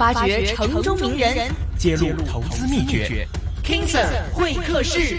發掘城中名人，人，揭露投資秘訣。KingSir 會客室。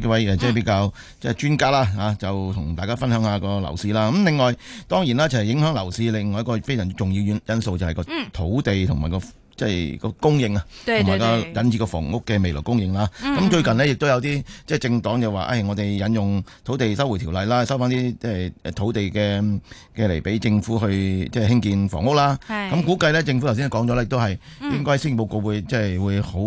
幾位即係比較即係專家啦嚇、啊啊，就同大家分享下個樓市啦。咁、嗯、另外當然啦，就係影響樓市另外一個非常重要因素，就係個土地同埋、那個、嗯、即係個供應啊，同埋個引致個房屋嘅未來供應啦。咁、嗯、最近呢，亦都有啲即係政黨就話誒、哎，我哋引用土地收回條例啦，收翻啲即係土地嘅嘅嚟俾政府去即係興建房屋啦。咁估計呢，政府頭先講咗咧，都係應該升幅會、嗯、即係會好。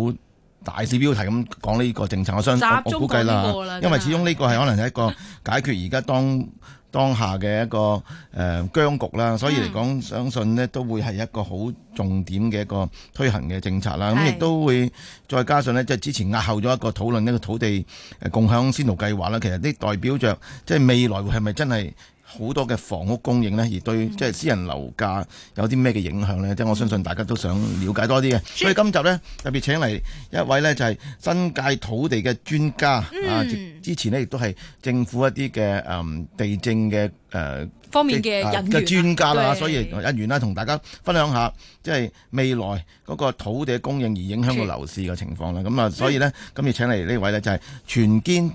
大字標題咁講呢個政策，我相我，我估計啦，因為始終呢個係可能係一個解決而家當 當下嘅一個誒、呃、僵局啦，所以嚟講相信呢都會係一個好重點嘅一個推行嘅政策啦。咁、嗯、亦都會再加上呢，即、即係、之前押後咗一個討論呢個土地共享先導計劃啦。其實呢代表着即係未來會係咪真係？好多嘅房屋供應呢，而對即係私人樓價有啲咩嘅影響呢？即、嗯、係我相信大家都想了解多啲嘅，嗯。所以今集呢，特別請嚟一位呢，就係、是、新界土地嘅專家、嗯、啊，之前呢，亦都係政府一啲嘅、嗯地政嘅誒、呃、方面嘅嘅專家啦。所以一員啦、啊，同大家分享下即係、就是、未來嗰個土地供應而影響個樓市嘅情況啦。咁、嗯、啊、嗯，所以呢，今日請嚟呢位呢，就係、是、全堅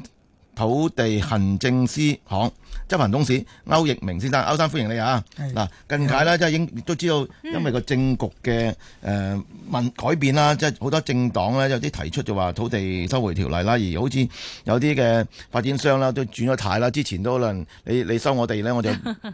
土地行政師行，執行董事區奕明先生，區生歡迎你啊！嗱，近排呢，即係應都知道，因為個政局嘅誒問改變啦，即係好多政黨呢，有啲提出就話土地收回條例啦，而好似有啲嘅發展商啦都轉咗態啦。之前都可能你你收我哋呢，我就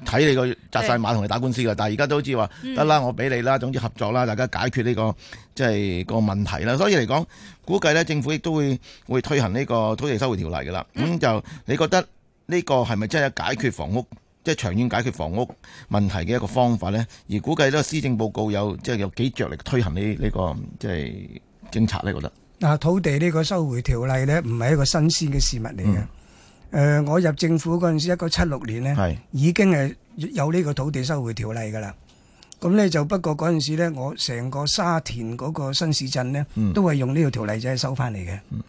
睇你個扎晒馬同你打官司㗎， 但係而家都好似話得啦，我俾你啦，總之合作啦，大家解決呢、這個即係、就是、個問題啦。所以嚟講，估計呢政府亦都會會推行呢個土地收回條例㗎啦。咁、嗯、就你覺得？呢、這個係咪真係解決房屋，即、就、係、是、長遠解決房屋問題嘅一個方法呢？而估計呢個施政報告有即係、就是、有幾着力推行呢、這、呢個即係、這個就是、政策咧？覺得嗱，土地呢個收回條例呢，唔係一個新鮮嘅事物嚟嘅。誒、嗯呃，我入政府嗰陣時，一九七六年咧，已經係有呢個土地收回條例㗎啦。咁呢，就不過嗰陣時咧，我成個沙田嗰個新市鎮呢，嗯、都係用呢個條例就係收翻嚟嘅。嗯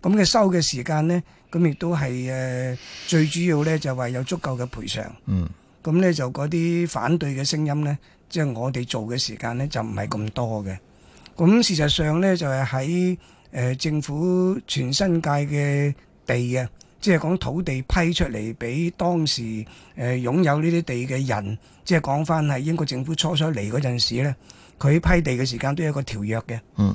咁嘅收嘅時間咧，咁亦都係誒最主要咧，就話有足夠嘅賠償。嗯。咁咧就嗰啲反對嘅聲音咧，即係我哋做嘅時間咧，就唔係咁多嘅。咁事實上咧，就係喺誒政府全新界嘅地啊，即係講土地批出嚟俾當時誒擁有呢啲地嘅人，即係講翻係英國政府初初嚟嗰陣時咧，佢批地嘅時間都有一個條約嘅。嗯。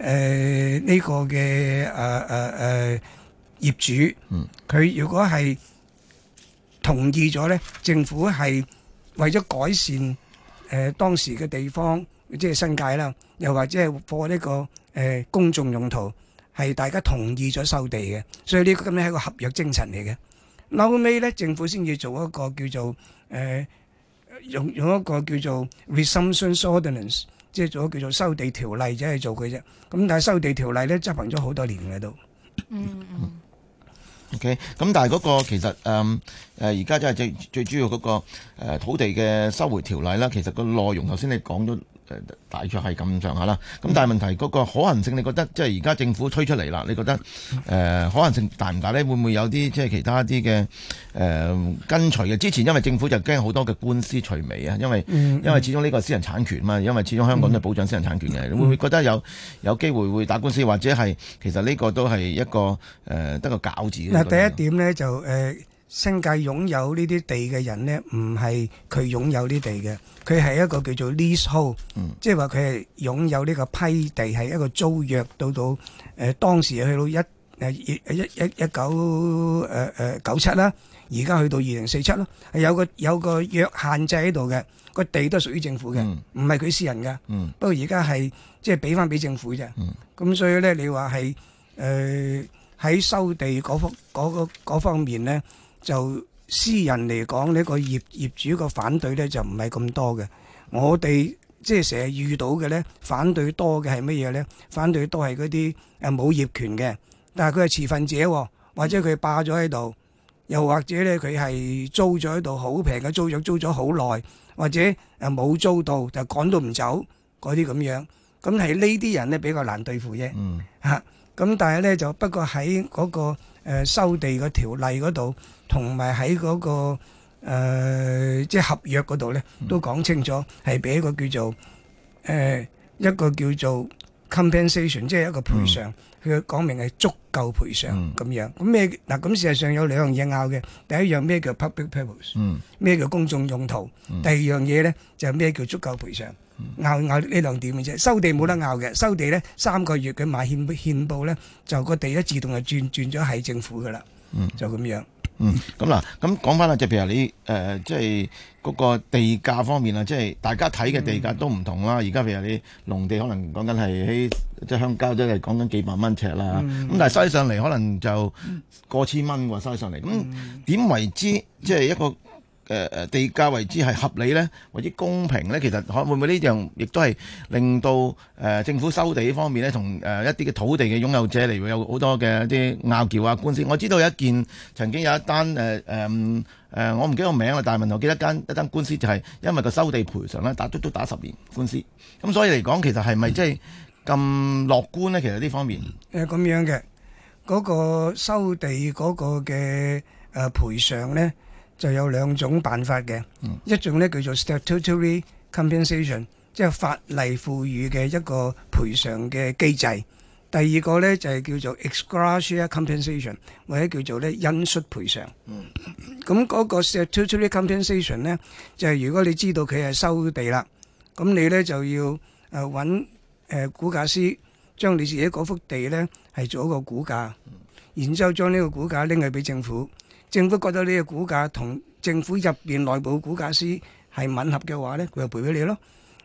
誒呢個嘅誒誒誒業主，佢如果係同意咗咧，政府係為咗改善誒當時嘅地方，即係新界啦，又或者係作呢個誒公眾用途，係大家同意咗收地嘅，所以呢個咁樣係一個合約精神嚟嘅。後尾咧，政府先至做一個叫做誒用用一個叫做 resumption ordinance。即係做叫做收地條例者嚟做佢啫，咁但係收地條例咧，執行咗好多年嘅都。嗯嗯 O K，咁但係嗰個其實誒誒而家真係最最主要嗰個誒土地嘅收回條例啦，其實個內容頭先你講咗。大約係咁上下啦，咁但係問題嗰、嗰個可行性你，你覺得即係而家政府推出嚟啦，你覺得誒可行性大唔大呢？會唔會有啲即係其他啲嘅誒跟隨嘅？之前因為政府就驚好多嘅官司除尾啊，因為因為始終呢個私人產權嘛，因為始終香港都保障私人產權嘅，嗯、你會唔會覺得有有機會會打官司，或者係其實呢個都係一個誒得、呃、個餃子嗱？第一點呢，就誒。呃新界擁有這些地的人呢啲地嘅人咧，唔係佢擁有呢地嘅，佢係一個叫做 leasehold，即、嗯、係話、就、佢、是、係擁有呢個批地係一個租約，到到誒、呃、當時去到一誒一一一,一,一九誒誒、呃呃、九七啦，而家去到二零四七咯，有個有個約限制喺度嘅，個地都係屬於政府嘅，唔係佢私人嘅、嗯。不過而家係即係俾翻俾政府啫。咁、嗯、所以咧，你話係誒喺收地嗰方、那個那個、那方面咧？就私人嚟講，呢個業業主個反對咧就唔係咁多嘅，我哋即係成日遇到嘅呢，反對多嘅係乜嘢呢？反對都係嗰啲冇業權嘅，但係佢係持份者喎，或者佢霸咗喺度，又或者佢係租咗喺度好平嘅租，租咗好耐，或者冇租到就趕都唔走嗰啲咁樣。咁係呢啲人比較難對付嘅。誒、呃、收地個條例嗰度，同埋喺嗰個、呃、即係合約嗰度咧，都講清楚，係俾一個叫做誒、呃、一個叫做 compensation，即係一個賠償。佢、嗯、講明係足夠賠償咁、嗯、樣。咁咩嗱？咁、啊、事實上有兩樣嘢拗嘅。第一樣咩叫 public purpose？咩、嗯、叫公眾用途？第二樣嘢咧就係、是、咩叫足夠賠償？拗拗呢兩點嘅啫，收地冇得拗嘅，收地呢，三個月嘅買欠欠報呢，就個地呢自動就轉轉咗喺政府噶啦、嗯，就咁樣。嗯，咁嗱，咁講翻啦，就譬、是就是嗯、如你誒，即係嗰個地價方面啦，即係大家睇嘅地價都唔同啦。而家譬如你農地可能講緊係喺即係鄉郊，即係講緊幾百蚊尺啦，咁、嗯、但係收上嚟可能就過千蚊喎，收上嚟咁點為之即係、就是、一個？嗯嗯誒誒地價為之係合理呢，或者公平呢？其實可能會唔會呢樣亦都係令到誒、呃、政府收地方面呢，同誒一啲嘅土地嘅擁有者嚟會有好多嘅一啲拗撬啊官司。我知道有一件曾經有一單誒誒誒，我唔記得個名啦，但係問題我記得一間一單官司，就係因為個收地賠償呢，打足足打，打十年官司。咁所以嚟講，其實係咪即係咁樂觀呢？嗯、其實呢方面誒咁樣嘅嗰、嗰個收地嗰個嘅誒賠償呢。就有兩種辦法嘅，一種咧叫做 statutory compensation，即係法例賦予嘅一個賠償嘅機制。第二個咧就係叫做 ex gratia compensation，或者叫做咧恩恤賠償。咁、嗯、嗰個 statutory compensation 咧，就係、是、如果你知道佢係收地啦，咁你咧就要誒揾誒估價師將你自己嗰幅地咧係做一個估價，然之後將呢個估價拎去俾政府，政府覺得你嘅估價同政府入邊內部估價師係吻合嘅話咧，佢就賠俾你咯。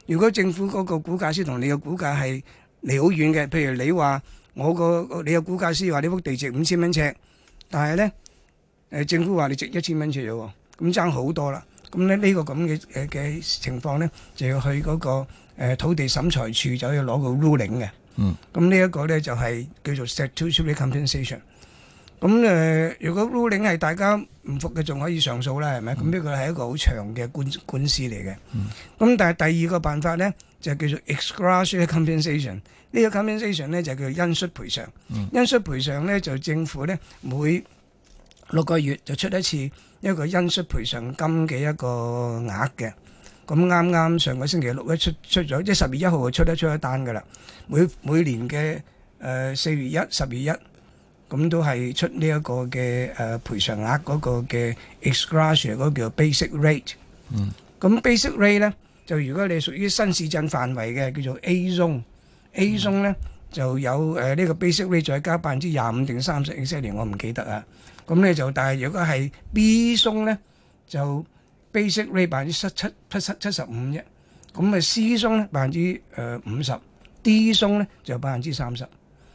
如果政府嗰個估價師同你嘅估價係離好遠嘅，譬如你話我個你嘅估價師話呢幅地值五千蚊尺，但係咧誒政府話你值一千蚊尺咋喎，咁爭好多啦。咁咧呢個咁嘅嘅情況咧，就要去嗰個誒土地審裁處就要攞個 ruling 嘅。嗯。咁呢一個咧就係叫做 statutory compensation。咁、嗯、如果 ruling 係大家唔服嘅，仲可以上訴啦，係咪？咁呢個係一個好長嘅官官司嚟嘅。咁、嗯嗯、但係第二個辦法咧，就叫做 ex gratia compensation。呢個 compensation 咧就叫做恩恤賠償。恩恤賠償咧就政府咧每六個月就出一次一個恩恤賠償金嘅一個額嘅。咁啱啱上個星期六一出出咗，即係十月一號就出得出一單㗎啦。每每年嘅誒四月一、十月一。咁都係出呢一個嘅誒賠償額，嗰個嘅 exclusion，嗰個叫 basic rate。嗯。咁 basic rate 咧，就如果你係屬於新市鎮範圍嘅，叫做 A zone，A zone 咧就有誒呢個 basic rate 再加百分之廿五定三十，呢三年我唔記得啊。咁咧就但係如果係 B zone 咧就 basic rate 百分之七七七七十五啫。咁啊 C zone 咧百分之誒五十，D zone 咧就百分之三十。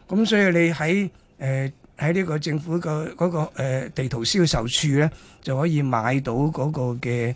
咁所以你喺誒。喺呢個政府嘅，嗰個嗰個，呃、地圖銷售處咧，就可以買到嗰個嘅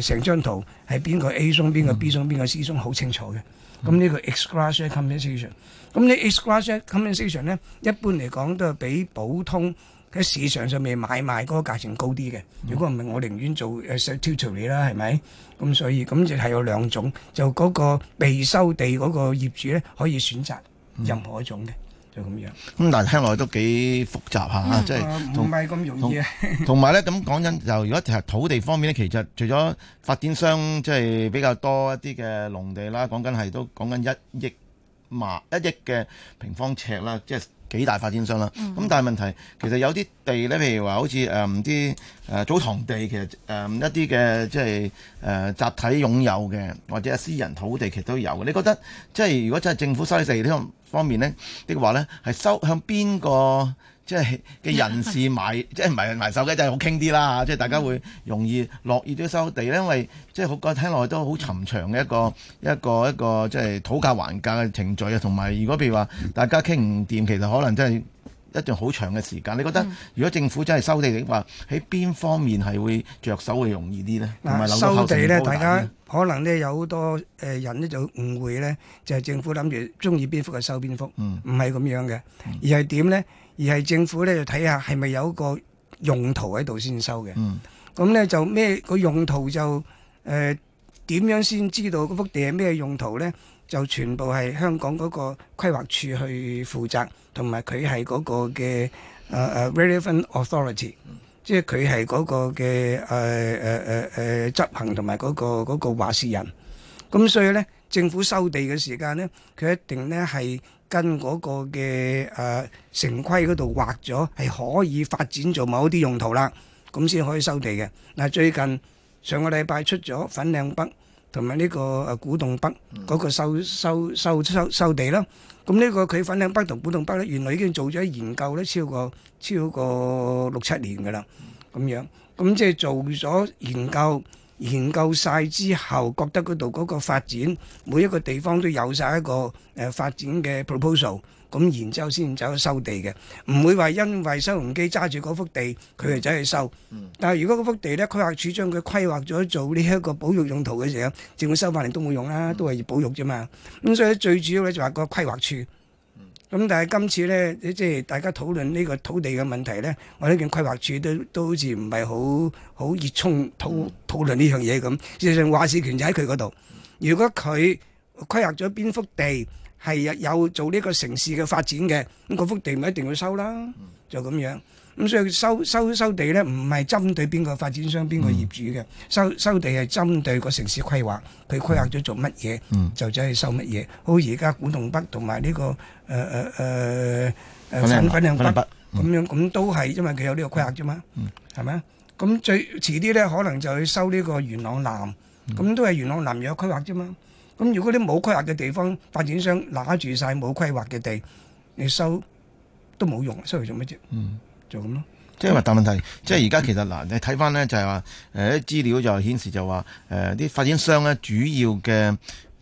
成張圖係邊個 A 宗，邊個 B 宗邊，嗯、個 C 宗好清楚嘅。咁，嗯、呢個 ex-gratia compensation，咁呢 ex-gratia compensation 咧，一般嚟講都係比普通喺市場上面買賣嗰個價錢高啲嘅。如果唔係，不我寧願做誒 tutorial 啦，係咪？咁所以咁就係有兩種，就嗰個被收地嗰個業主咧，可以選擇任何一種嘅。嗯就咁樣咁、嗯，但係聽落都幾複雜吓、嗯，即係唔係咁容易。同埋咧，咁講緊就如果其實土地方面咧，其實除咗發展商即係比較多一啲嘅農地啦，講緊係都講緊一億碼一億嘅平方尺啦，即係。幾大發展商啦，咁但係問題其實有啲地咧，譬如話好似誒唔知祖堂地，其實誒、嗯、一啲嘅即係誒、呃、集體擁有嘅或者私人土地，其實都有嘅。你覺得即係如果真係政府收地呢方面呢，的話呢係收向邊個？即係嘅人士 是買，即係買買手機，真係好傾啲啦嚇！即、就、係、是、大家會容易落意都收地，因為即係好講聽落都好尋常嘅一個一個一個，即、嗯、係、就是、討價還價嘅程序啊。同埋如果譬如話大家傾唔掂，其實可能真係一段好長嘅時間。你覺得如果政府真係收地嘅話，喺邊方面係會着手會容易啲呢？同埋收地呢？大家可能呢有好多誒人呢就誤會呢，就係、是、政府諗住中意邊幅就收邊幅，唔係咁樣嘅，而係點呢？而係政府咧就睇下係咪有一個用途喺度先收嘅。咁、嗯、咧、嗯、就咩個用途就誒點、呃、樣先知道嗰幅地係咩用途咧？就全部係香港嗰個規劃署去負責，同埋佢係嗰個嘅誒誒 relevant authority，、嗯、即係佢係嗰個嘅誒誒誒誒執行同埋嗰個嗰個話事人。咁所以咧，政府收地嘅時間咧，佢一定咧係。是跟嗰個嘅誒、呃、城規嗰度劃咗係可以發展做某啲用途啦，咁先可以收地嘅嗱。最近上個禮拜出咗粉嶺北同埋呢個誒古洞北嗰個收收收收收地啦。咁呢個佢粉嶺北同古洞北咧，原來已經做咗研究咧，超過超過六七年㗎啦。咁樣咁即係做咗研究。研究晒之後，覺得嗰度嗰個發展每一個地方都有晒一個誒、呃、發展嘅 proposal，咁然之後先走去收地嘅，唔會話因為收容機揸住嗰幅地，佢就走去收。但係如果嗰幅地咧，規劃署將佢規劃咗做呢一個保育用途嘅時候，政府收翻嚟都冇用啦，都係要保育啫嘛。咁所以最主要咧就話個規劃署。咁但係今次咧，即係大家討論呢個土地嘅問題咧，我覺得規劃署都都好似唔係好好熱衷討討論呢樣嘢，咁事實上話事權就喺佢嗰度。如果佢規劃咗邊幅地係有做呢個城市嘅發展嘅，咁嗰幅地咪一定要收啦，就咁樣。咁、嗯、所以收收收地咧，唔係針對邊個發展商、邊個業主嘅，嗯，收收地係針對個城市規劃，佢規劃咗做乜嘢，嗯，就走去收乜嘢。好而家古洞北同埋呢個誒誒誒誒粉嶺北咁，嗯、樣，咁都係因為佢有個規劃，嗯、呢個規劃啫嘛，係咪啊？咁最遲啲咧，可能就去收呢個元朗南，咁都係元朗南有規劃啫嘛。咁如果啲冇規劃嘅地方，發展商揦住晒冇規劃嘅地，你收都冇用，收去做乜啫？做、就、咯、是嗯，即係話大問題，即係而家其實嗱，你睇翻咧就係話，誒、呃、啲資料就顯示就話，誒、呃、啲發展商咧主要嘅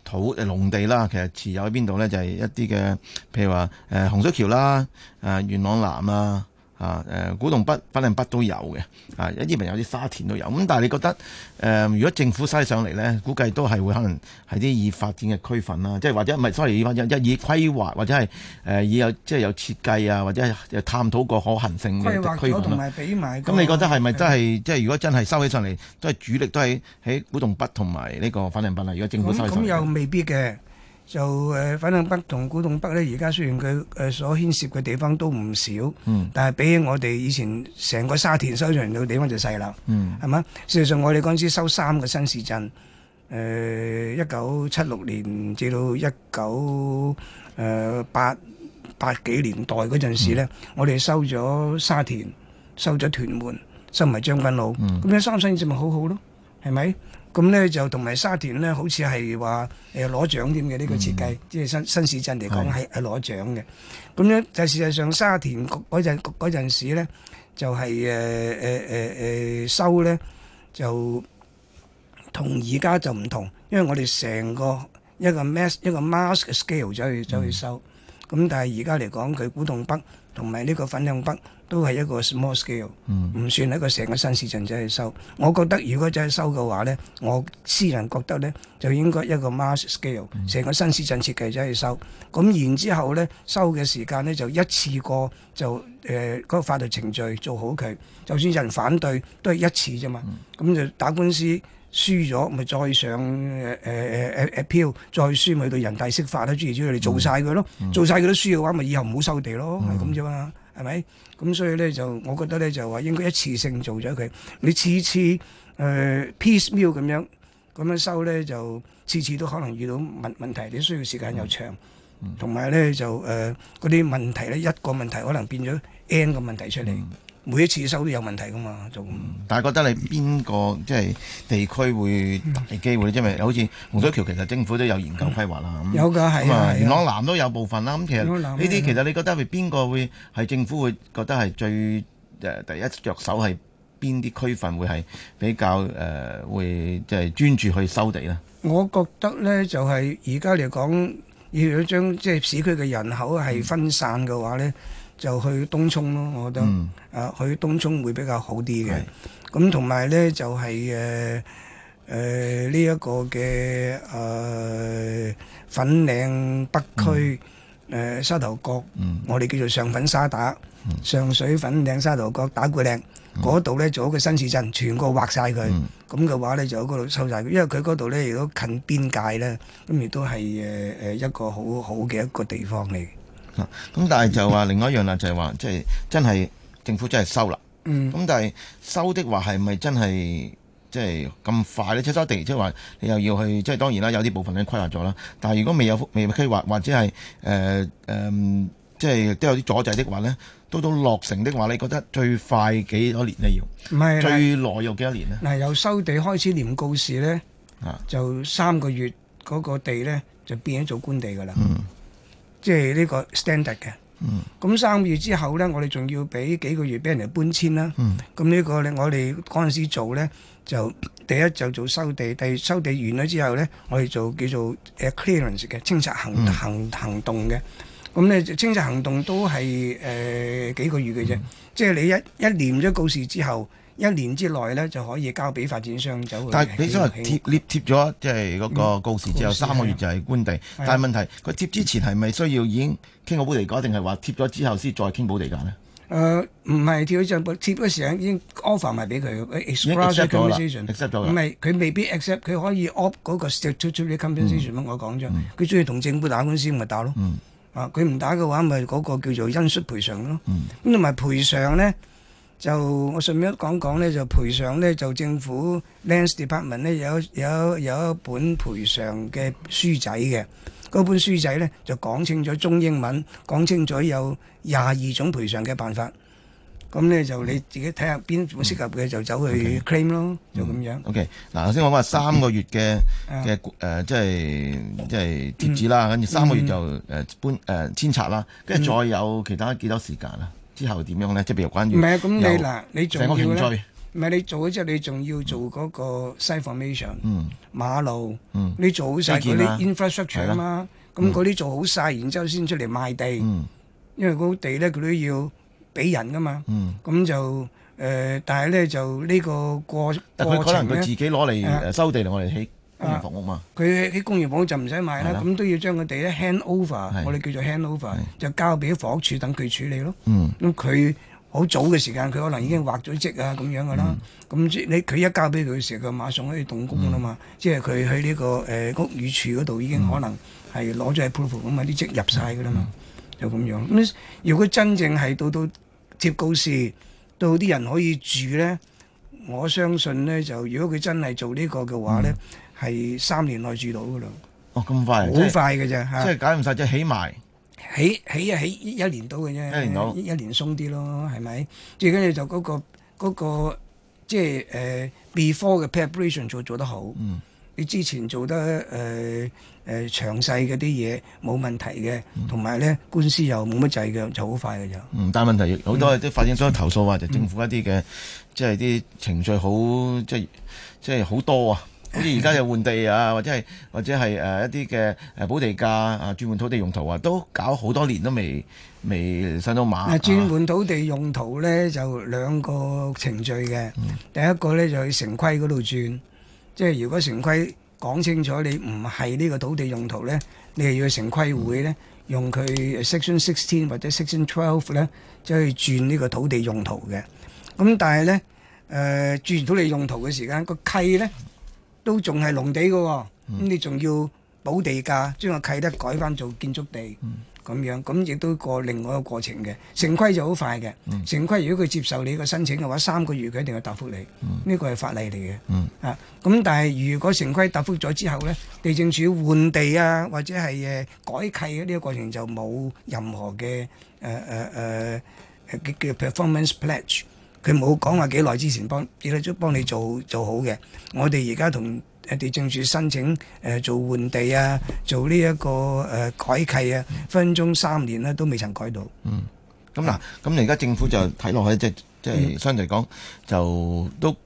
土誒、呃、農地啦，其實持有喺邊度咧，就係、是、一啲嘅，譬如話誒洪水橋啦，誒、呃、元朗南啊。啊，古洞北、粉嶺北都有嘅，啊一啲朋友有啲沙田都有，咁但係你覺得誒、呃，如果政府嘥上嚟咧，估計都係會可能係啲已發展嘅區份啦，即、就、係、是、或者唔係，sorry，一以，以規劃或者係誒以有即係有設計啊，或者係探討過可行性嘅區份同埋俾埋。咁、那個、你覺得係咪真係即係如果真係收起上嚟，都係主力都係喺古洞北同埋呢個粉嶺北啊？如果政府收起。咁又未必嘅。就誒，粉嶺北同古洞北咧，而家雖然佢誒所牽涉嘅地方都唔少，嗯，但係比起我哋以前成個沙田收上去嘅地方就細啦，嗯，係嘛？事實上我哋嗰陣時收三個新市鎮，誒一九七六年至到一九誒八八幾年代嗰陣時咧，我哋收咗沙田、收咗屯門、收埋將軍澳，咁樣三個新市鎮咪好好咯？係咪？咁咧就同埋沙田咧，好似係話誒攞獎添嘅呢個設計，嗯、即係新新市鎮嚟講係攞獎嘅。咁呢就事實上沙田嗰陣嗰陣時咧，就係、是呃呃呃、收咧，就同而家就唔同，因為我哋成個一個 mask 一個 mask 嘅 scale 咗去走、嗯、去收，咁但係而家嚟講佢古洞北。同埋呢個粉嶺北都係一個 small scale，唔算一個成個新市鎮仔去收。我覺得如果真係收嘅話咧，我私人覺得咧就應該一個 mass scale，成個新市鎮設計者去收。咁然之後咧，收嘅時間咧就一次過就誒嗰個法律程序做好佢，就算有人反對都係一次啫嘛。咁就打官司。輸咗咪再上誒誒誒誒誒 appeal，再輸咪到人大釋法啦，諸如此類，你做曬佢咯，做曬佢都輸嘅話，咪以後唔好收地咯，係咁啫嘛，係咪？咁所以咧就我覺得咧就話應該一次性做咗佢，你次次誒 piece meal 咁樣咁樣收咧，就次次都可能遇到問問題，你需要時間又長，同埋咧就誒嗰啲問題咧，一個問題可能變咗 N 個問題出嚟。每一次收都有問題噶嘛，就、嗯、但係覺得你邊個即係、就是、地區會大機會因為、嗯就是、好似洪水橋其實政府都有研究規劃啦，咁元朗南都有部分啦。咁、啊嗯、其實呢啲其實你覺得會邊個會係政府會覺得係最誒、呃、第一着手係邊啲區份會係比較誒、呃、會即係專注去收地呢？我覺得咧就係而家嚟講，要如果將即係市區嘅人口係分散嘅話咧。嗯就去東涌咯，我覺得啊，去東涌會比較好啲嘅。咁同埋咧就係誒誒呢一個嘅誒粉嶺北區誒沙頭角，我哋叫做上粉沙打、上水粉嶺沙頭角打鼓嶺嗰度咧，做一個新市鎮，全部劃曬佢。咁嘅話咧就喺嗰度收曬佢，因為佢嗰度咧如果近邊界咧，咁亦都係誒誒一個好好嘅一個地方嚟。咁、嗯嗯、但係就話另外一樣啦，就係、是、話即係真係政府真係收啦。咁、嗯、但係收的話係咪真係即係咁快咧？拆收地即係話你又要去即係當然啦，有啲部分咧規劃咗啦。但係如果未有未規劃或者係誒誒，即係都有啲阻滯的話咧，到到落成的話，你覺得最快幾多年呢？要唔係最耐又幾多年咧？嗱，由收地開始念告示咧，就三個月嗰個地咧就變咗做官地噶啦。嗯即係呢個 standard 嘅，咁三個月之後咧，我哋仲要俾幾個月俾人哋搬遷啦。咁、嗯、呢個咧，我哋嗰陣時做咧，就第一就做收地，第二收地完咗之後咧，我哋做叫做誒 clearance 嘅清拆行行行動嘅。咁、嗯、咧、嗯、清拆行動都係誒、呃、幾個月嘅啫、嗯，即係你一一年咗告示之後。一年之內呢就可以交俾發展商走。但係你想話貼咗，即係嗰個告示之後、嗯、示三個月就係官地。但係問題，佢貼之前係咪需要已經傾好補地價，定係話貼咗之後先再傾補地價呢？誒唔係貼咗上步貼嗰時間已經 offer 埋俾佢。唔係佢未必 accept，佢可以 opt 嗰個 statutory compensation、嗯、我講咗，佢中意同政府打官司咪打咯。嗯、啊佢唔打嘅話，咪、就、嗰、是、個叫做因素賠償咯。咁同埋賠償呢？就我順便講講講咧，就賠償咧，就政府 Lands Department 咧有有有一本賠償嘅書仔嘅，嗰本書仔咧就講清咗中英文，講清咗有廿二種賠償嘅辦法。咁咧就你自己睇下邊適合嘅就走去 claim 咯，嗯、就咁樣。嗯、O.K. 嗱，頭先我話三個月嘅嘅即係即係貼紙啦，跟、嗯、住三個月就誒、嗯、搬誒、呃、遷拆啦，跟住再有其他幾多時間啦之後點樣咧？即係譬如啊，於你嗱，你做再，唔係你做咗之後，你仲要做嗰個 site formation 馬路、嗯，你做好晒嗰啲 infrastructure 啊嘛，咁嗰啲做好晒，然之後先出嚟賣地，嗯、因為嗰地咧佢都要俾人噶嘛，咁、嗯、就誒、呃，但係咧就呢個過過程咧，可能佢自己攞嚟，收地嚟我哋起。公營房屋嘛，佢喺公營房屋就唔使買啦，咁都要將佢哋 hand over，我哋叫做 hand over，就交俾房屋署等佢處理咯。咁佢好早嘅時間，佢可能已經畫咗則啊咁樣噶啦。咁、嗯、你佢一交俾佢嘅時候，佢馬上可以動工啦嘛。嗯、即係佢喺呢個誒屋宇署嗰度已經可能係攞咗喺 proof 咁、嗯、啊，啲則入晒噶啦嘛，就咁樣。咁、嗯、如果真正係到到接告示，到啲人可以住咧，我相信咧就如果佢真係做這個的呢個嘅話咧。嗯係三年內住到噶啦，哦咁快，好快嘅啫，即係解唔晒，即,即起埋，起起啊起一年到嘅啫，一年到，一年鬆啲咯，係咪？最緊要就嗰、嗰個、嗰個即係誒 before 嘅 preparation 做做得好，你、就是呃嗯、之前做得誒誒詳細啲嘢冇問題嘅，同埋咧官司又冇乜滯嘅，就好快嘅啫。嗯，但係問題好多都發展商投訴話，就政府一啲嘅即係啲程序好即係即係好多啊。好似而家就換地啊，或者係或者係、呃、一啲嘅誒補地價啊、轉換土地用途啊，都搞好多年都未未上到馬。轉換土地用途咧、嗯、就兩個程序嘅，第一個咧就去城規嗰度轉，即係如果城規講清楚你唔係呢個土地用途咧，你係要去城規會咧用佢 Section 16或者 Section 12咧，即去轉呢個土地用途嘅。咁但係咧誒轉土地用途嘅時間，個契咧，都仲係農地嘅、哦，咁你仲要補地價，將個契得改翻做建築地，咁樣咁亦都過另外一個過程嘅。城規就好快嘅，城、嗯、規如果佢接受你個申請嘅話，三個月佢一定要答覆你，呢個係法例嚟嘅、嗯。啊，咁但係如果城規答覆咗之後咧，地政署換地啊，或者係改契呢個過程就冇任何嘅嘅、呃呃呃、叫 performance pledge。佢冇講話幾耐之前幫幾粒粥幫你做做好嘅，我哋而家同誒地政署申請誒、呃、做換地啊，做呢、這、一個誒、呃、改契啊，分宗三年呢、啊、都未曾改到。嗯，咁、嗯、嗱，咁你而家政府就睇落去即即係相對嚟講就都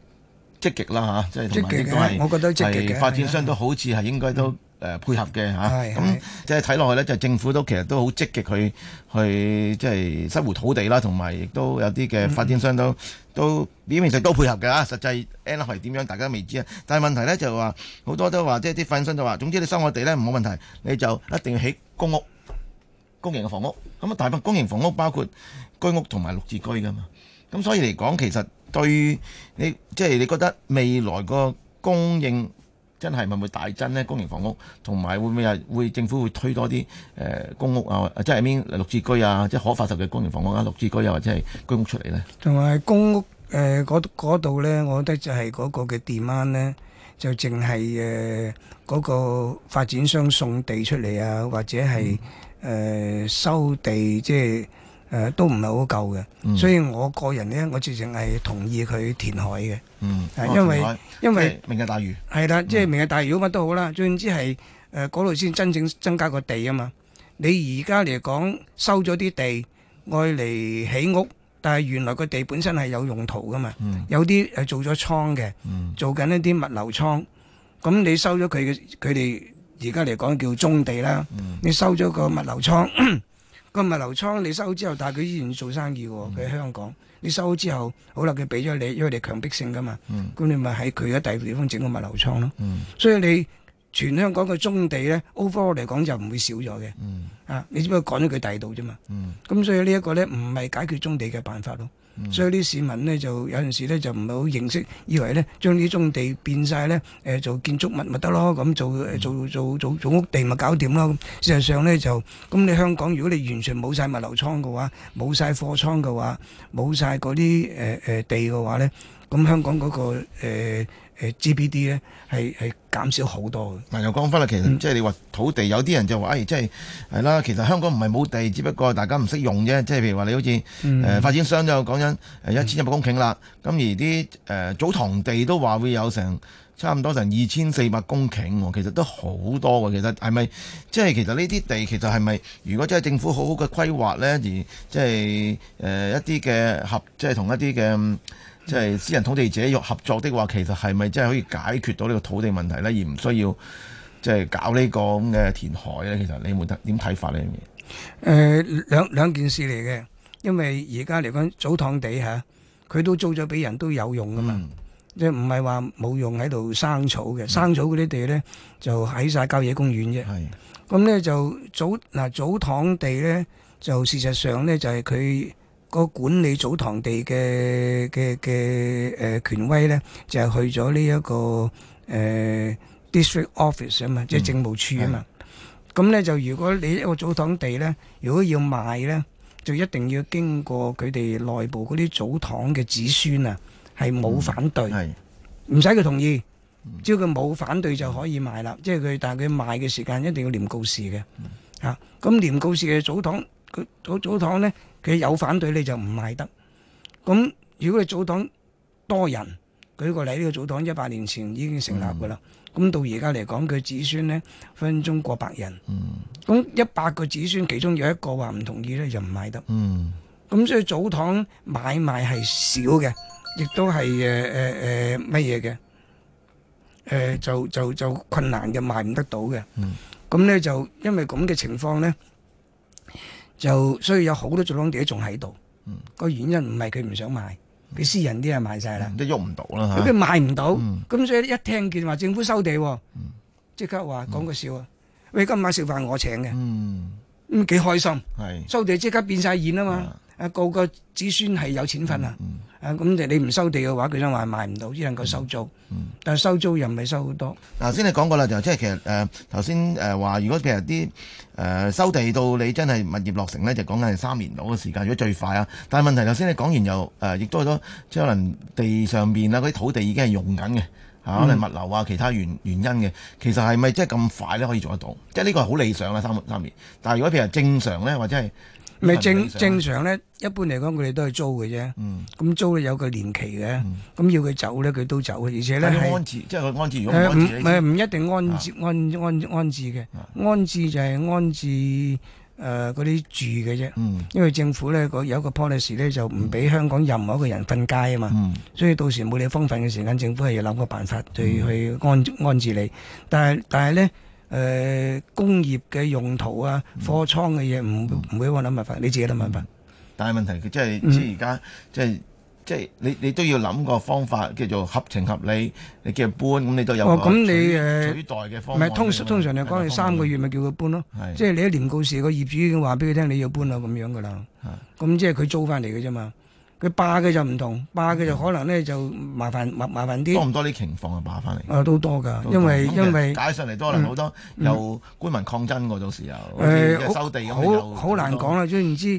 積極啦嚇，即係同埋應該係發展商都好似係應該都。嗯誒配合嘅嚇，咁即係睇落去咧，就政府都其實都好積極去去即係收回土地啦，同埋亦都有啲嘅發展商都都表面上都配合嘅嚇，實際 anyhow 係點樣，大家都未知啊。但係問題咧就話、是、好多都話即係啲發展商就話，總之你收我哋咧冇問題，你就一定要起公屋、公營嘅房屋。咁啊，大部份公營房屋包括居屋同埋綠置居㗎嘛。咁所以嚟講，其實對你即係你覺得未來個供應。真係咪唔會大增咧？公營房屋同埋會唔會啊？會政府會推多啲誒、呃、公屋啊，即係咩綠置居啊，即係可發售嘅公營房屋啊，綠置居又、啊、或者係居屋出嚟咧？同埋公屋誒嗰度咧，我覺得就係嗰個嘅 demand 咧，就淨係誒嗰個發展商送地出嚟啊，或者係誒、呃、收地即係。就是誒、呃、都唔係好夠嘅、嗯，所以我個人咧，我直情係同意佢填海嘅。嗯，因為、哦、因為明日大嶼係啦，即係、就是、明日大嶼，乜、嗯、都好啦。總之係誒嗰度先真正增加個地啊嘛。你而家嚟講收咗啲地，愛嚟起屋，但係原來個地本身係有用途噶嘛。嗯、有啲係做咗倉嘅，做緊一啲物流倉。咁、嗯、你收咗佢嘅，佢哋而家嚟講叫棕地啦。嗯、你收咗個物流倉。嗯 個物流倉你、哦嗯，你收好之後，但佢依然做生意喎。佢喺香港，你收好之後，好啦，佢俾咗你，因為你強迫性噶嘛。咁、嗯、你咪喺佢嘅第二地方整個物流倉咯、嗯。所以你全香港嘅中地咧，overall 嚟講就唔會少咗嘅、嗯。啊，你只不過趕咗佢第二度啫嘛。咁、嗯、所以呢一個咧唔係解決中地嘅辦法咯。嗯、所以啲市民呢，就有陣時呢，就唔係好認識，以為呢，將呢啲棕地變晒呢、呃，做建築物咪得咯，咁做做做做做屋地咪搞掂咯。事實上呢，就咁你香港如果你完全冇晒物流倉嘅話，冇晒貨倉嘅話，冇晒嗰啲地嘅話呢，咁香港嗰個、呃 GPD 咧係係減少好多嘅。嗱又講翻啦，其實即係你話土地、嗯、有啲人就話，誒即係係啦。其實香港唔係冇地，只不過大家唔識用啫。即係譬如話你好似誒、嗯呃、發展商就講緊誒一千一百公頃啦。咁、嗯、而啲誒、呃、祖堂地都話會有成差唔多成二千四百公頃喎。其實都好多嘅。其實係咪即係其實呢啲地其實係咪如果真係政府好好嘅規劃咧，而即係誒一啲嘅合即係同一啲嘅。即係私人土地者若合作的話，其實係咪真係可以解決到呢個土地問題咧，而唔需要即係搞呢個咁嘅填海咧？其實你冇得點睇法呢樣嘢？誒、呃，兩兩件事嚟嘅，因為而家嚟講，祖堂地嚇，佢、啊、都租咗俾人都有用噶嘛，嗯、即係唔係話冇用喺度生草嘅？生草嗰啲地咧、嗯，就喺晒郊野公園啫。咁咧就祖、啊祖堂地咧，就事實上咧就係、是、佢。個管理祖堂地嘅嘅嘅誒權威咧，就係去咗呢一個誒 District Office 啊嘛，即係政務處啊嘛。咁咧就如果你一個祖堂地咧，如果要賣咧，就一定要經過佢哋內部嗰啲祖堂嘅子孫啊，係冇反對，唔使佢同意，只要佢冇反對就可以賣啦。即係佢，但係佢賣嘅時間一定要唸告示嘅。啊，咁唸告示嘅祖堂，佢祖祖堂咧。佢有反對，你就唔買得。咁如果你祖堂多人，舉個例，呢個祖堂一百年前已經成立噶啦，咁到而家嚟講佢子孫咧分分鐘過百人，咁一百個子孫其中有一個話唔同意咧就唔買得。咁所以祖堂買賣係少嘅，亦都係誒誒誒乜嘢嘅，誒就就就困難嘅賣唔得到嘅。咁咧就因為咁嘅情況咧。就所以有好多做農地仲喺度，個、嗯、原因唔係佢唔想賣，佢、嗯、私人啲啊賣晒啦，都喐唔到啦，咁佢賣唔到，咁、嗯、所以一聽見話政府收地喎、哦，即、嗯、刻話講個笑啊、嗯！喂，今晚食飯我請嘅，咁、嗯、幾開心，收地即刻變晒現啊嘛～啊，個個子孫係有錢分啊！嗯嗯、啊咁你唔收地嘅話，佢想話賣唔到，只能夠收租。嗯嗯、但收租又唔係收好多。頭先你講過啦，就即係其實頭先誒話，如果譬如啲誒、呃、收地到你真係物業落成呢，就講緊係三年到嘅時間，如果最快啊。但係問題頭先你講完又誒，亦、呃、都係多即係可能地上面啦，嗰啲土地已經係用緊嘅吓，可能物流啊其他原原因嘅，其實係咪即係咁快呢可以做得到？即係呢個好理想啦、啊、三三年。但如果譬如正常呢，或者係。咪正正常咧，一般嚟講，佢哋都係租嘅啫。咁租咧有個年期嘅，咁、嗯、要佢走咧，佢都走。而且咧，安置即係佢安置，如果安置唔唔一定安置、啊、安安安置嘅、啊，安置就係安置誒嗰啲住嘅啫、嗯。因為政府咧，有一個 policy 咧，就唔俾香港任何一個人瞓街啊嘛、嗯。所以到時冇地方瞓嘅時間，政府係要諗個辦法，對去安、嗯、安置你。但係但係咧。誒、呃、工業嘅用途啊，貨倉嘅嘢唔唔會諗辦法，你自己諗辦法。但係問題佢即係、嗯、即係而家即係即係你你都要諗個方法叫做合情合理，你叫佢搬咁你都有。哦，咁你誒取，取代嘅方法。唔係通通常嚟講，你三個月咪叫佢搬咯。係即係你一年告時，個業主已經話俾佢聽你要搬啦，咁樣噶啦。係咁即係佢租翻嚟嘅啫嘛。佢霸嘅就唔同，霸嘅就可能咧就麻煩麻麻煩啲。多唔多啲情況啊霸翻嚟？啊，都多㗎，多因為因為解上嚟多能好多，有官民抗爭喎，到時候。誒、嗯嗯呃，收地好，好難講啦。總言之，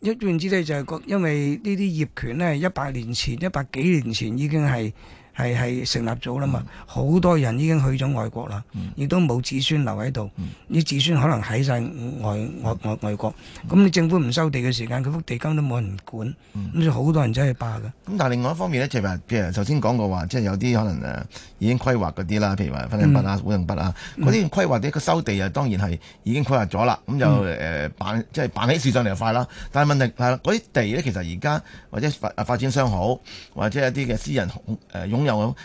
一總言之咧就係個，因為呢啲業權咧一百年前、一百幾年前已經係。係成立咗啦嘛，好、嗯、多人已經去咗外國啦，亦、嗯、都冇子孫留喺度，啲、嗯、子孫可能喺晒外外外外國。咁、嗯、你政府唔收地嘅時間，佢、那、幅、個、地金都冇人管，咁就好多人走去霸㗎。咁但另外一方面呢，即係話，頭先講過話，即係有啲可能、呃、已經規劃嗰啲啦，譬如話粉嶺北啊、古、嗯、洞北啊嗰啲、嗯、規劃嘅，佢收地啊當然係已經規劃咗啦。咁就誒、嗯呃、辦即係辦起事上嚟就快啦。但係問題係啦，嗰啲地呢，其實而家或者發,發展商好或者一啲嘅私人誒、呃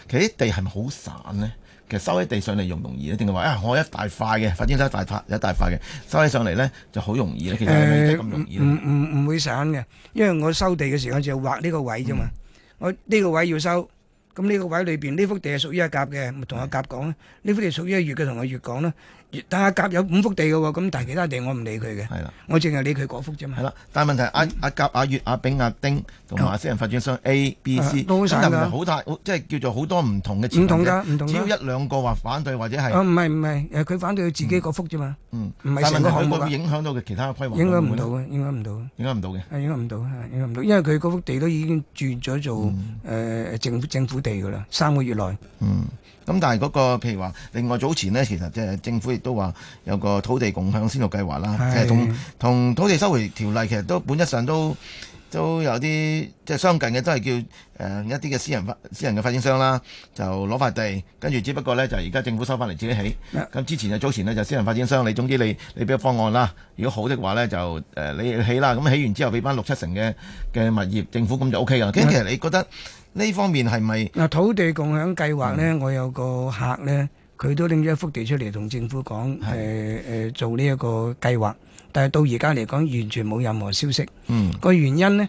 其實啲地係咪好散呢？其實收喺地上嚟容唔容易咧？定係話誒，我一大塊嘅發展得一大塊，一大塊嘅收起上嚟咧就好容易咧？其實咁容易？唔唔唔會散嘅，因為我收地嘅時候就劃呢個位啫嘛，嗯、我呢個位要收。咁、這、呢個位裏邊呢幅地係屬於阿甲嘅，咪同阿甲講啦。呢幅地屬於阿乙嘅，同阿乙講啦。但阿甲有五幅地嘅喎，咁但係其他地我唔理佢嘅，我淨係理佢嗰幅啫嘛。係啦，但係問題阿、嗯、阿甲、阿乙、阿丙、阿丁同埋私人發展商 A、哦、B、啊、C，好、啊、大？即係叫做好多唔同嘅唔同㗎、啊，唔同、啊同啊、只要一兩個話反對或者係哦，唔係唔係，佢反對佢自己嗰幅啫嘛。唔、嗯啊、但係個項目會影響到其他嘅規劃，影響唔到嘅，影響唔到嘅，影響唔到嘅，影響唔到嘅，因為佢嗰幅地都已經轉咗做誒、嗯、政、呃、政府。政府地噶啦，三個月內。嗯，咁但係嗰、那個，譬如話，另外早前呢，其實即係政府亦都話有個土地共享先導計劃啦同，同土地收回條例，其實都本質上都都有啲即係相近嘅，都係叫誒一啲嘅私人發私人嘅發展商啦，就攞塊地，跟住只不過呢，就而家政府收翻嚟自己起。咁之前嘅早前呢，就是、私人發展商，你總之你你俾個方案啦，如果好的話呢，就誒、呃、你起啦，咁、嗯、起完之後俾翻六七成嘅嘅物業，政府咁就 O K 噶。咁其實你覺得？呢方面係咪？嗱，土地共享計劃呢、嗯，我有個客呢，佢都拎咗一幅地出嚟同政府講，誒誒、呃，做呢一個計劃，但係到而家嚟講，完全冇任何消息。嗯，個原因呢，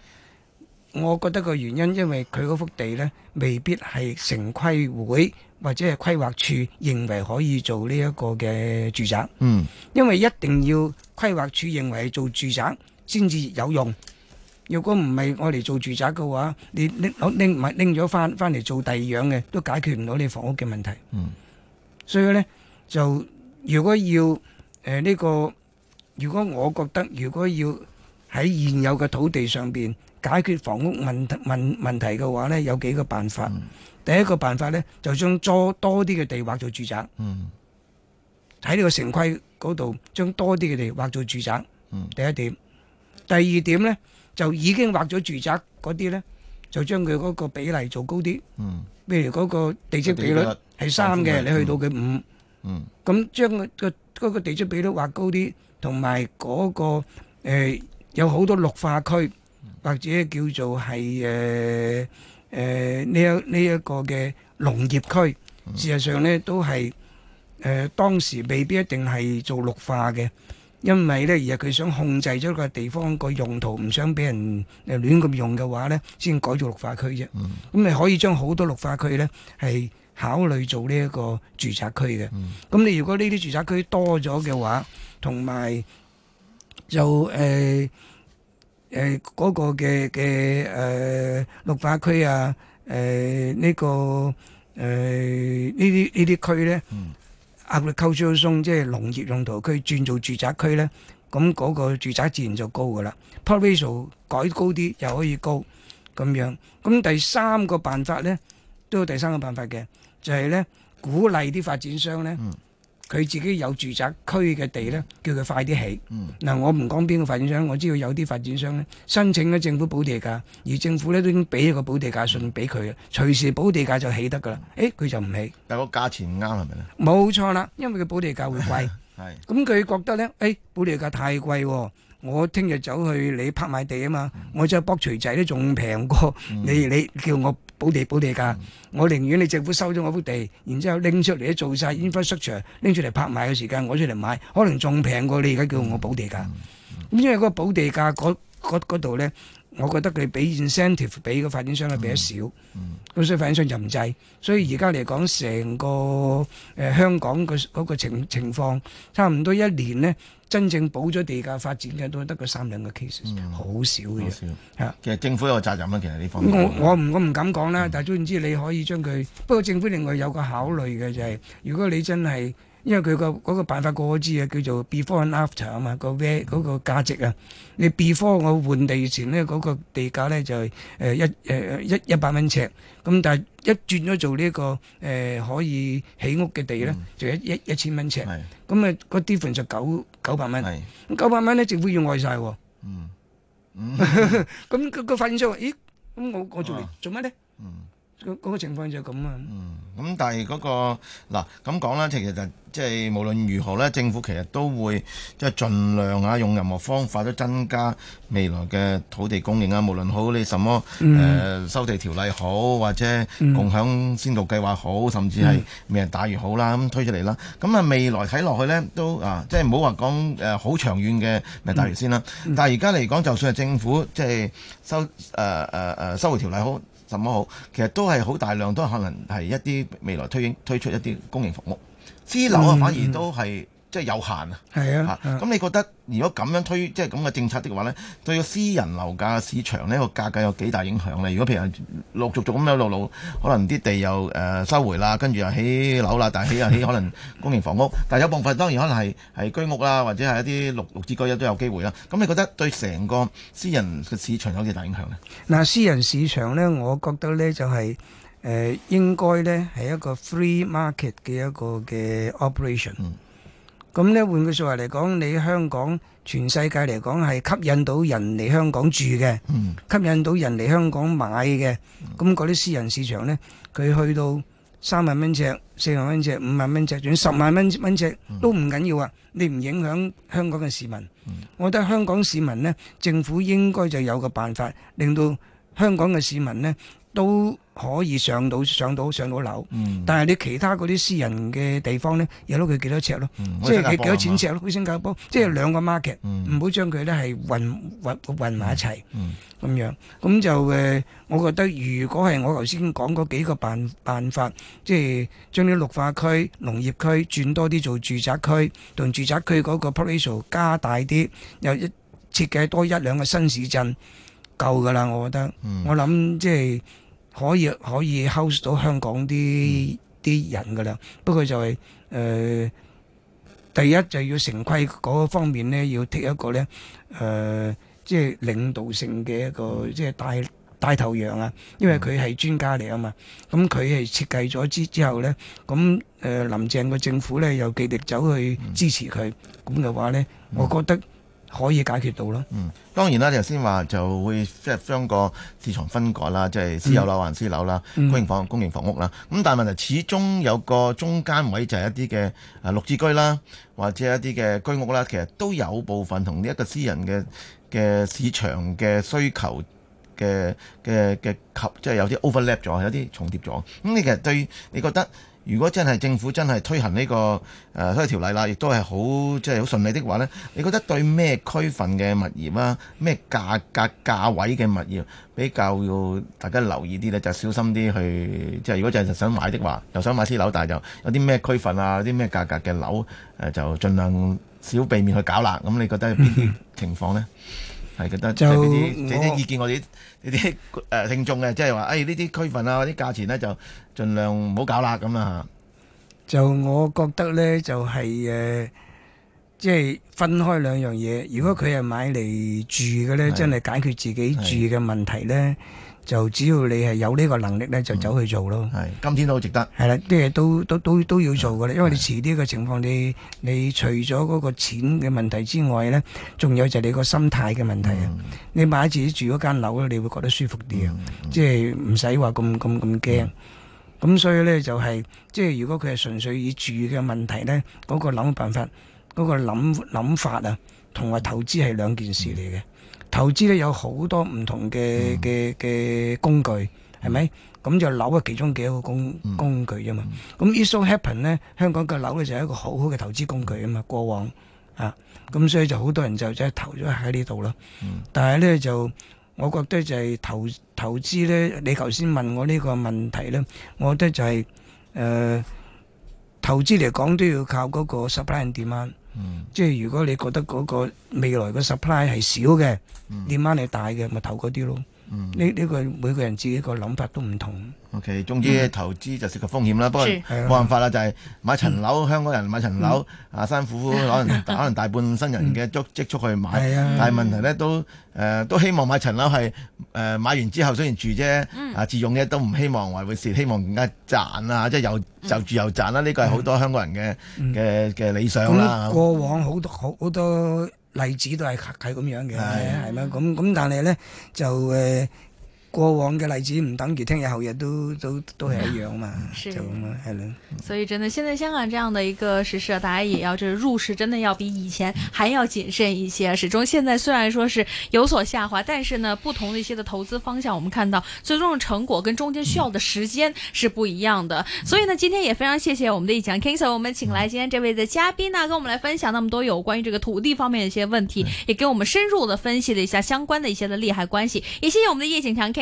我覺得個原因，因為佢嗰幅地呢，未必係城規會或者係規劃處認為可以做呢一個嘅住宅。嗯，因為一定要規劃處認為做住宅，先至有用。如果唔係我嚟做住宅嘅話，你拎攞拎唔係拎咗翻翻嚟做第二樣嘅，都解決唔到你房屋嘅問題。嗯，所以咧就，如果要誒呢、呃這個，如果我覺得如果要喺現有嘅土地上邊解決房屋問問問題嘅話咧，有幾個辦法。嗯、第一個辦法咧就，將多多啲嘅地劃做住宅。嗯，喺呢個城規嗰度將多啲嘅地劃做住宅。嗯。第一點，第二點咧。就已經劃咗住宅嗰啲呢，就將佢嗰個比例做高啲。嗯，譬如嗰個地積比率係三嘅，你去到佢五。嗯，咁將個個嗰個地積比率劃高啲，同埋嗰個誒有好多綠化區，或者叫做係誒誒呢一呢一個嘅農業區，事實上呢都係誒當時未必一定係做綠化嘅。因為咧，而係佢想控制咗個地方個用途，唔想俾人誒亂咁用嘅話咧，先改造綠化區啫。咁你可以將好多綠化區咧，係考慮做呢一個住宅區嘅。咁你如果呢啲住宅區多咗嘅話，同埋就誒誒嗰個嘅嘅誒綠化區啊，誒呢個誒呢啲呢啲區咧。壓力，即係農業用途區轉做住宅區呢，咁嗰個住宅自然就高噶啦。provision 改高啲，又可以高咁樣。咁第三個辦法呢，都有第三個辦法嘅，就係呢：鼓勵啲發展商呢。嗯佢自己有住宅區嘅地咧，叫佢快啲起。嗱、嗯，我唔講邊個發展商，我知道有啲發展商咧，申請咗政府補地價，而政府咧都已經俾咗個補地價信俾佢啦，隨時補地價就起得噶啦。誒、嗯，佢就唔起，但係個價錢唔啱係咪咧？冇錯啦，因為佢補地價會貴。係 咁佢覺得咧，誒、哎、補地價太貴喎、哦，我聽日走去你拍賣地啊嘛、嗯，我就卜錘仔都仲平過你、嗯，你叫我。補地補地價，我寧願你政府收咗我幅地，然之後拎出嚟做晒 infrastructure，拎出嚟拍賣嘅時間，攞出嚟買，可能仲平過你而家叫我補地價。咁、嗯嗯、因為個補地價，嗰度咧。我覺得佢俾 incentive 俾個發展商咧俾得少，咁、嗯嗯、所以發展商就唔制。所以而家嚟講，成個、呃、香港個嗰情情況，差唔多一年呢，真正補咗地價發展嘅都得個三兩個 case、嗯、好少嘅。嚇、啊，其實政府有責任啊，其實呢方面。我我唔我唔敢講啦，嗯、但係總然之你可以將佢。不過政府另外有個考慮嘅就係、是，如果你真係。因為佢個嗰個辦法過咗知啊，叫做 before and after 啊嘛，個 value 嗰個價值啊，你 before 我換地前呢，嗰、嗰個地價呢就係誒一誒一一,一百蚊尺，咁但係一轉咗做呢、呢個誒、呃、可以起屋嘅地呢，就一一一千蚊尺，咁啊、嗰個 difference 就九九百蚊，九百蚊呢，政府要愛晒喎，咁佢佢發現咗話，咦咁我我做、啊、做乜咧？嗯嗰個情況就係咁啊！嗯，咁但係嗰、那個嗱咁講啦，其實即、就、係、是、無論如何咧，政府其實都會即係盡量啊，用任何方法都增加未來嘅土地供應啊。無論好你什麼、呃、收地條例好，或者共享先導計劃好，甚至係明日大嶼好啦，咁、嗯、推出嚟啦。咁、嗯、啊、嗯，未來睇落去咧，都啊，即係唔好話講誒好長遠嘅明日大嶼先啦、嗯嗯。但係而家嚟講，就算係政府即係、就是、收誒誒、呃呃、收回條例好。什麼好？其實都係好大量，都係可能係一啲未來推推出一啲公營服務，私樓啊反而都係。嗯即係有限係啊，係啊，咁你覺得如果咁樣推即係咁嘅政策的話呢對個私人樓價市場呢個價格有幾大影響呢？如果譬如話陸續咁樣陸路，可能啲地又收回啦，跟住又起樓啦，但係起又起可能公營房屋，但 有部分當然可能係係居屋啦，或者係一啲六六折居屋都有機會啦。咁你覺得對成個私人嘅市場有幾大影響呢？嗱，私人市場呢，我覺得呢就係、是、誒、呃、應該呢係一個 free market 嘅一個嘅 operation。嗯咁呢，換句說話嚟講，你香港全世界嚟講係吸引到人嚟香港住嘅，吸引到人嚟香港買嘅。咁嗰啲私人市場呢，佢去到三萬蚊呎、四萬蚊呎、五萬蚊呎，仲要十萬蚊蚊呎都唔緊要啊！你唔影響香港嘅市民，我覺得香港市民呢，政府應該就有個辦法令到香港嘅市民呢，都可以上到上到上到樓、嗯，但係你其他嗰啲私人嘅地方咧，有攞佢幾多尺咯？即係幾多錢尺咯？喺新加坡，即係兩、嗯、個 market，唔好將佢咧係混混混埋一齊咁、嗯嗯、樣，咁就誒、嗯呃，我覺得如果係我頭先講嗰幾個辦辦法，即係將啲綠化區農業區轉多啲做住宅區同住宅區嗰個 parcel 加大啲，又一設計多一兩個新市鎮夠噶啦。我覺得、嗯，我諗即係。可以可以 house 到香港啲啲、嗯、人噶啦，不過就係、是、誒、呃、第一就要城規嗰方面咧，要剔一個咧誒即係領導性嘅一個即係、就是、帶帶頭羊啊，因為佢係專家嚟啊嘛，咁佢係設計咗之之後咧，咁誒、呃、林鄭嘅政府咧又極力走去支持佢，咁、嗯、嘅話咧、嗯，我覺得。可以解決到啦。嗯，當然啦，你頭先話就會即係將個市場分割啦，即、就、係、是、私有樓還私樓啦、嗯，公營房公營房屋啦。咁、嗯、但係問題始終有個中間位就係一啲嘅啊綠置居啦，或者一啲嘅居屋啦，其實都有部分同呢一個私人嘅嘅市場嘅需求嘅嘅嘅及即係有啲 overlap 咗，有啲重疊咗。咁、嗯、你其實對你覺得？如果真係政府真係推行呢、呢個誒新嘅條例啦，亦都係好即係好順利的話呢，你覺得對咩區份嘅物業啊，咩價格價位嘅物業比較要大家留意啲咧，就是、小心啲去即係、就是、如果就係想買的話，又想買啲樓，但係就有啲咩區份啊，啲咩價格嘅樓、呃、就盡量少避免去搞啦。咁你覺得邊啲情況呢？係、嗯、覺得即係呢啲啲意見，我哋呢啲誒聽眾嘅，即係話誒呢啲區份啊，啲價錢呢、啊、就。盡量唔好搞啦，咁啊！就我覺得咧，就係誒，即係分開兩樣嘢。如果佢係買嚟住嘅咧，真係解決自己住嘅問題咧，就只要你係有呢個能力咧，就走去做咯。係，今天都好值得。係啦，即係都都都都要做噶啦。因為你遲啲嘅情況，你你除咗嗰個錢嘅問題之外咧，仲有就係你個心態嘅問題啊。你買自己住嗰間樓咧，你會覺得舒服啲啊，即係唔使話咁咁咁驚。咁所以咧就係、是，即係如果佢係純粹以住嘅問題咧，嗰、那個諗辦法、嗰、那個諗法啊，同埋投資係兩件事嚟嘅、嗯。投資咧有好多唔同嘅嘅嘅工具，係咪？咁就樓係其中幾個工工具啊嘛。咁、嗯、It so happen 咧，香港嘅樓咧就係一個好好嘅投資工具啊嘛。過往啊，咁所以就好多人就即係投咗喺、嗯、呢度啦。但係咧就。我覺得就係投投資咧，你頭先問我呢個問題咧，我覺得就係、是、誒、呃、投資嚟講都要靠嗰個 supply and demand、嗯。即係如果你覺得嗰個未來嘅 supply 係少嘅，demand 係大嘅，咪投嗰啲咯。嗯、呢、這、呢個每個人自己個諗法都唔同。O、okay, K，總之投資就涉及風險啦、嗯，不過冇、啊、辦法啦，就係買層樓、嗯，香港人買層樓，啊辛苦可能可能大半生人嘅積蓄出去買，嗯啊、但係問題咧都誒、呃、都希望買層樓係誒、呃、買完之後雖然住啫、嗯，啊自用嘅都唔希望話會蝕，希望更加賺啊，即係又、嗯、就住又賺啦、啊，呢、這個係好多香港人嘅嘅嘅理想啦。嗯嗯、過往好好好多例子都係係咁樣嘅，係咪咁咁，但係咧就誒。呃過往的例子唔等於，聽日後日都都都係一樣嘛，啊、就咁咯，係咯。所以真的，現在香港這樣的一個時勢啊，大家也要就是入市，真的要比以前還要謹慎一些。始終現在雖然說是有所下滑，但是呢不同的一些的投資方向，我們看到最終成果跟中間需要的時間是不一樣的，嗯。所以呢，今天也非常謝謝我們的葉景強 K 先生，KingSir，我們請來今天這位的嘉賓呢，跟我們來分享那麼多有關於這個土地方面的一些問題，嗯，也給我們深入的分析了一下相關的一些的利害關係。也謝謝我們的葉景強 K。